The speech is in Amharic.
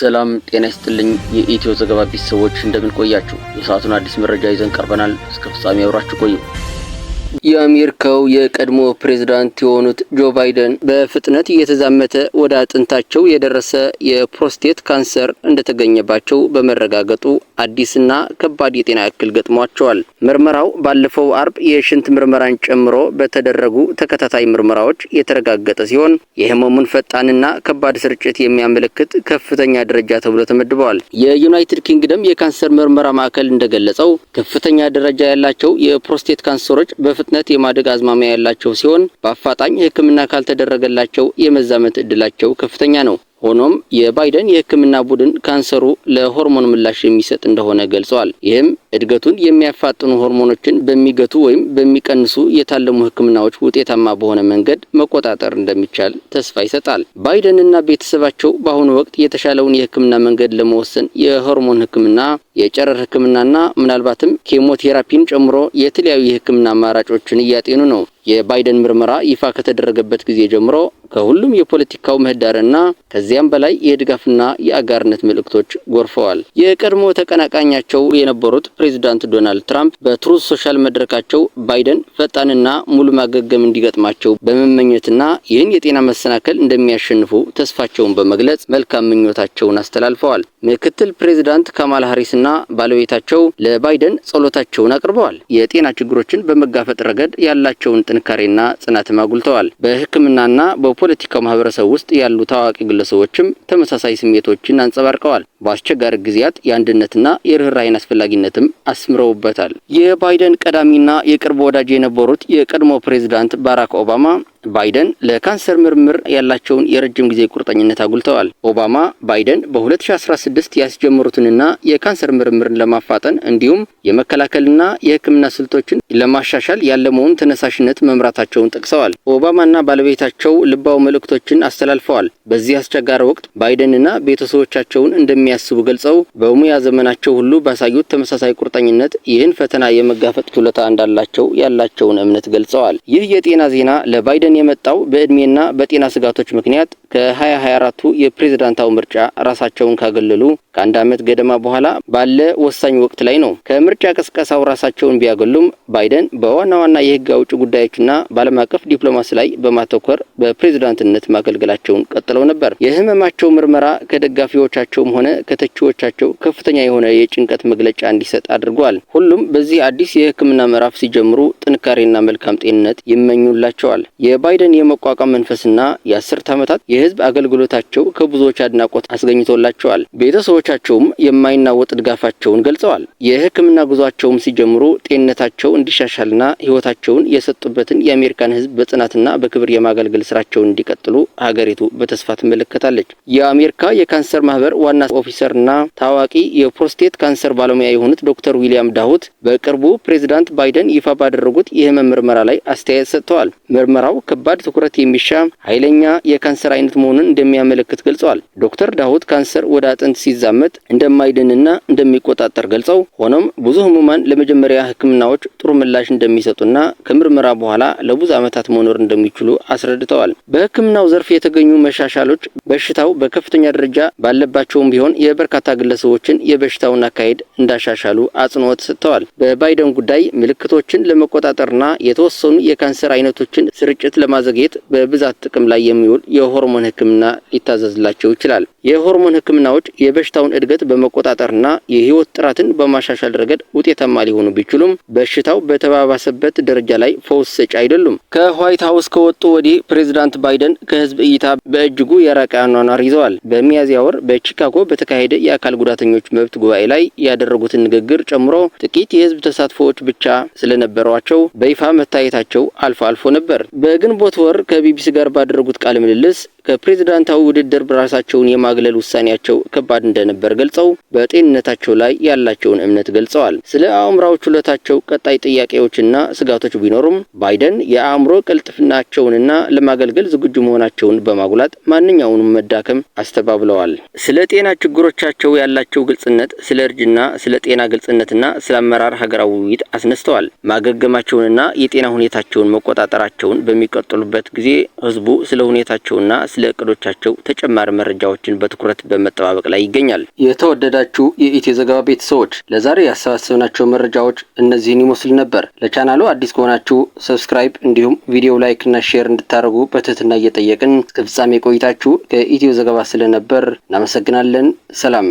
ሰላም ጤና ይስጥልኝ። የኢትዮ ዘገባ ሰዎች እንደምን ቆያችሁ? የሰዓቱን አዲስ መረጃ ይዘን ቀርበናል። እስከ ፍጻሜ አብራችሁ ቆዩ። የአሜሪካው የቀድሞ ፕሬዝዳንት የሆኑት ጆ ባይደን በፍጥነት እየተዛመተ ወደ አጥንታቸው የደረሰ የፕሮስቴት ካንሰር እንደተገኘባቸው በመረጋገጡ አዲስና ከባድ የጤና እክል ገጥሟቸዋል። ምርመራው ባለፈው አርብ የሽንት ምርመራን ጨምሮ በተደረጉ ተከታታይ ምርመራዎች የተረጋገጠ ሲሆን የህመሙን ፈጣንና ከባድ ስርጭት የሚያመለክት ከፍተኛ ደረጃ ተብሎ ተመድበዋል። የዩናይትድ ኪንግደም የካንሰር ምርመራ ማዕከል እንደገለጸው ከፍተኛ ደረጃ ያላቸው የፕሮስቴት ካንሰሮች በፍ በፍጥነት የማደግ አዝማሚያ ያላቸው ሲሆን በአፋጣኝ ሕክምና ካልተደረገላቸው የመዛመት እድላቸው ከፍተኛ ነው። ሆኖም የባይደን የህክምና ቡድን ካንሰሩ ለሆርሞን ምላሽ የሚሰጥ እንደሆነ ገልጸዋል። ይህም እድገቱን የሚያፋጥኑ ሆርሞኖችን በሚገቱ ወይም በሚቀንሱ የታለሙ ህክምናዎች ውጤታማ በሆነ መንገድ መቆጣጠር እንደሚቻል ተስፋ ይሰጣል። ባይደንና ቤተሰባቸው በአሁኑ ወቅት የተሻለውን የህክምና መንገድ ለመወሰን የሆርሞን ህክምና የጨረር ህክምናና ምናልባትም ኬሞቴራፒን ጨምሮ የተለያዩ የህክምና አማራጮችን እያጤኑ ነው። የባይደን ምርመራ ይፋ ከተደረገበት ጊዜ ጀምሮ ከሁሉም የፖለቲካው ምህዳርና ከዚያም በላይ የድጋፍና የአጋርነት መልእክቶች ጎርፈዋል። የቀድሞ ተቀናቃኛቸው የነበሩት ፕሬዚዳንት ዶናልድ ትራምፕ በትሩዝ ሶሻል መድረካቸው ባይደን ፈጣንና ሙሉ ማገገም እንዲገጥማቸው በመመኘትና ይህን የጤና መሰናከል እንደሚያሸንፉ ተስፋቸውን በመግለጽ መልካም ምኞታቸውን አስተላልፈዋል። ምክትል ፕሬዚዳንት ካማላ ሃሪስና ባለቤታቸው ለባይደን ጸሎታቸውን አቅርበዋል። የጤና ችግሮችን በመጋፈጥ ረገድ ያላቸውን ጥንካሬና ጽናትም አጉልተዋል። በሕክምናና በፖለቲካው ማህበረሰብ ውስጥ ያሉ ታዋቂ ግለሰቦችም ተመሳሳይ ስሜቶችን አንጸባርቀዋል። በአስቸጋሪ ጊዜያት የአንድነትና የርኅራኄን አስፈላጊነትም አስምረውበታል። የባይደን ቀዳሚና የቅርብ ወዳጅ የነበሩት የቀድሞ ፕሬዚዳንት ባራክ ኦባማ ባይደን ለካንሰር ምርምር ያላቸውን የረጅም ጊዜ ቁርጠኝነት አጉልተዋል። ኦባማ ባይደን በ2016 ያስጀመሩትንና የካንሰር ምርምርን ለማፋጠን እንዲሁም የመከላከልና የሕክምና ስልቶችን ለማሻሻል ያለመሆን ተነሳሽነት መምራታቸውን ጠቅሰዋል። ኦባማና ባለቤታቸው ልባው መልእክቶችን አስተላልፈዋል። በዚህ አስቸጋሪ ወቅት ባይደንና ቤተሰቦቻቸውን እንደሚያስቡ ገልጸው በሙያ ዘመናቸው ሁሉ ባሳዩት ተመሳሳይ ቁርጠኝነት ይህን ፈተና የመጋፈጥ ችሎታ እንዳላቸው ያላቸውን እምነት ገልጸዋል። ይህ የጤና ዜና ለባይደን ወደን የመጣው በእድሜና በጤና ስጋቶች ምክንያት ከ2024ቱ የፕሬዝዳንታዊ ምርጫ ራሳቸውን ካገለሉ ከአንድ ዓመት ገደማ በኋላ ባለ ወሳኝ ወቅት ላይ ነው። ከምርጫ ቅስቀሳው ራሳቸውን ቢያገሉም ባይደን በዋና ዋና የህግ አውጭ ጉዳዮችና በዓለም አቀፍ ዲፕሎማሲ ላይ በማተኮር በፕሬዝዳንትነት ማገልገላቸውን ቀጥለው ነበር። የህመማቸው ምርመራ ከደጋፊዎቻቸውም ሆነ ከተቺዎቻቸው ከፍተኛ የሆነ የጭንቀት መግለጫ እንዲሰጥ አድርጓል። ሁሉም በዚህ አዲስ የህክምና ምዕራፍ ሲጀምሩ ጥንካሬና መልካም ጤንነት ይመኙላቸዋል። የባይደን የመቋቋም መንፈስና የአስርት ዓመታት የህዝብ አገልግሎታቸው ከብዙዎች አድናቆት አስገኝቶላቸዋል። ቤተሰቦቻቸውም የማይናወጥ ድጋፋቸውን ገልጸዋል። የህክምና ጉዟቸውም ሲጀምሩ ጤንነታቸው እንዲሻሻልና ህይወታቸውን የሰጡበትን የአሜሪካን ህዝብ በጽናትና በክብር የማገልገል ስራቸውን እንዲቀጥሉ ሀገሪቱ በተስፋ ትመለከታለች። የአሜሪካ የካንሰር ማህበር ዋና ኦፊሰርና ታዋቂ የፕሮስቴት ካንሰር ባለሙያ የሆኑት ዶክተር ዊሊያም ዳሁት በቅርቡ ፕሬዚዳንት ባይደን ይፋ ባደረጉት የህመም ምርመራ ላይ አስተያየት ሰጥተዋል። ምርመራው ከባድ ትኩረት የሚሻ ኃይለኛ የካንሰር አይነት መሆኑን እንደሚያመለክት ገልጸዋል። ዶክተር ዳውድ ካንሰር ወደ አጥንት ሲዛመት እንደማይድንና እንደሚቆጣጠር ገልጸው ሆኖም ብዙ ህሙማን ለመጀመሪያ ህክምናዎች ጥሩ ምላሽ እንደሚሰጡና ከምርመራ በኋላ ለብዙ ዓመታት መኖር እንደሚችሉ አስረድተዋል። በህክምናው ዘርፍ የተገኙ መሻሻሎች በሽታው በከፍተኛ ደረጃ ባለባቸውም ቢሆን የበርካታ ግለሰቦችን የበሽታውን አካሄድ እንዳሻሻሉ አጽንኦት ሰጥተዋል። በባይደን ጉዳይ ምልክቶችን ለመቆጣጠርና የተወሰኑ የካንሰር አይነቶችን ስርጭት ለማዘግየት በብዛት ጥቅም ላይ የሚውል የሆርሞን ህክምና ሊታዘዝላቸው ይችላል። የሆርሞን ህክምናዎች የበሽታውን እድገት በመቆጣጠርና የህይወት ጥራትን በማሻሻል ረገድ ውጤታማ ሊሆኑ ቢችሉም በሽታው በተባባሰበት ደረጃ ላይ ፈውስ ሰጪ አይደሉም። ከዋይት ሀውስ ከወጡ ወዲህ ፕሬዚዳንት ባይደን ከህዝብ እይታ በእጅጉ የራቀ አኗኗር ይዘዋል። በሚያዝያ ወር በቺካጎ በተካሄደ የአካል ጉዳተኞች መብት ጉባኤ ላይ ያደረጉትን ንግግር ጨምሮ ጥቂት የህዝብ ተሳትፎዎች ብቻ ስለነበሯቸው በይፋ መታየታቸው አልፎ አልፎ ነበር። በግንቦት ወር ከቢቢሲ ጋር ባደረጉት ቃለ ምልልስ ከፕሬዝዳንታዊ ውድድር በራሳቸውን የማግለል ውሳኔያቸው ከባድ እንደነበር ገልጸው በጤንነታቸው ላይ ያላቸውን እምነት ገልጸዋል። ስለ አእምሮ ችሎታቸው ቀጣይ ጥያቄዎችና ስጋቶች ቢኖሩም ባይደን የአእምሮ ቅልጥፍናቸውንና ለማገልገል ዝግጁ መሆናቸውን በማጉላት ማንኛውንም መዳከም አስተባብለዋል። ስለ ጤና ችግሮቻቸው ያላቸው ግልጽነት፣ ስለ እርጅና፣ ስለ ጤና ግልጽነትና ስለ አመራር ሀገራዊ ውይይት አስነስተዋል። ማገገማቸውንና የጤና ሁኔታቸውን መቆጣጠራቸውን በሚቀ በሚቀጥሉበት ጊዜ ህዝቡ ስለ ሁኔታቸውና ስለ እቅዶቻቸው ተጨማሪ መረጃዎችን በትኩረት በመጠባበቅ ላይ ይገኛል። የተወደዳችሁ የኢትዮ ዘገባ ቤተሰቦች ለዛሬ ያሰባሰብናቸው መረጃዎች እነዚህን ይመስል ነበር። ለቻናሉ አዲስ ከሆናችሁ ሰብስክራይብ፣ እንዲሁም ቪዲዮ ላይክ እና ሼር እንድታደርጉ በትህትና እየጠየቅን እስከ ፍጻሜ ቆይታችሁ ከኢትዮ ዘገባ ስለነበር እናመሰግናለን። ሰላም።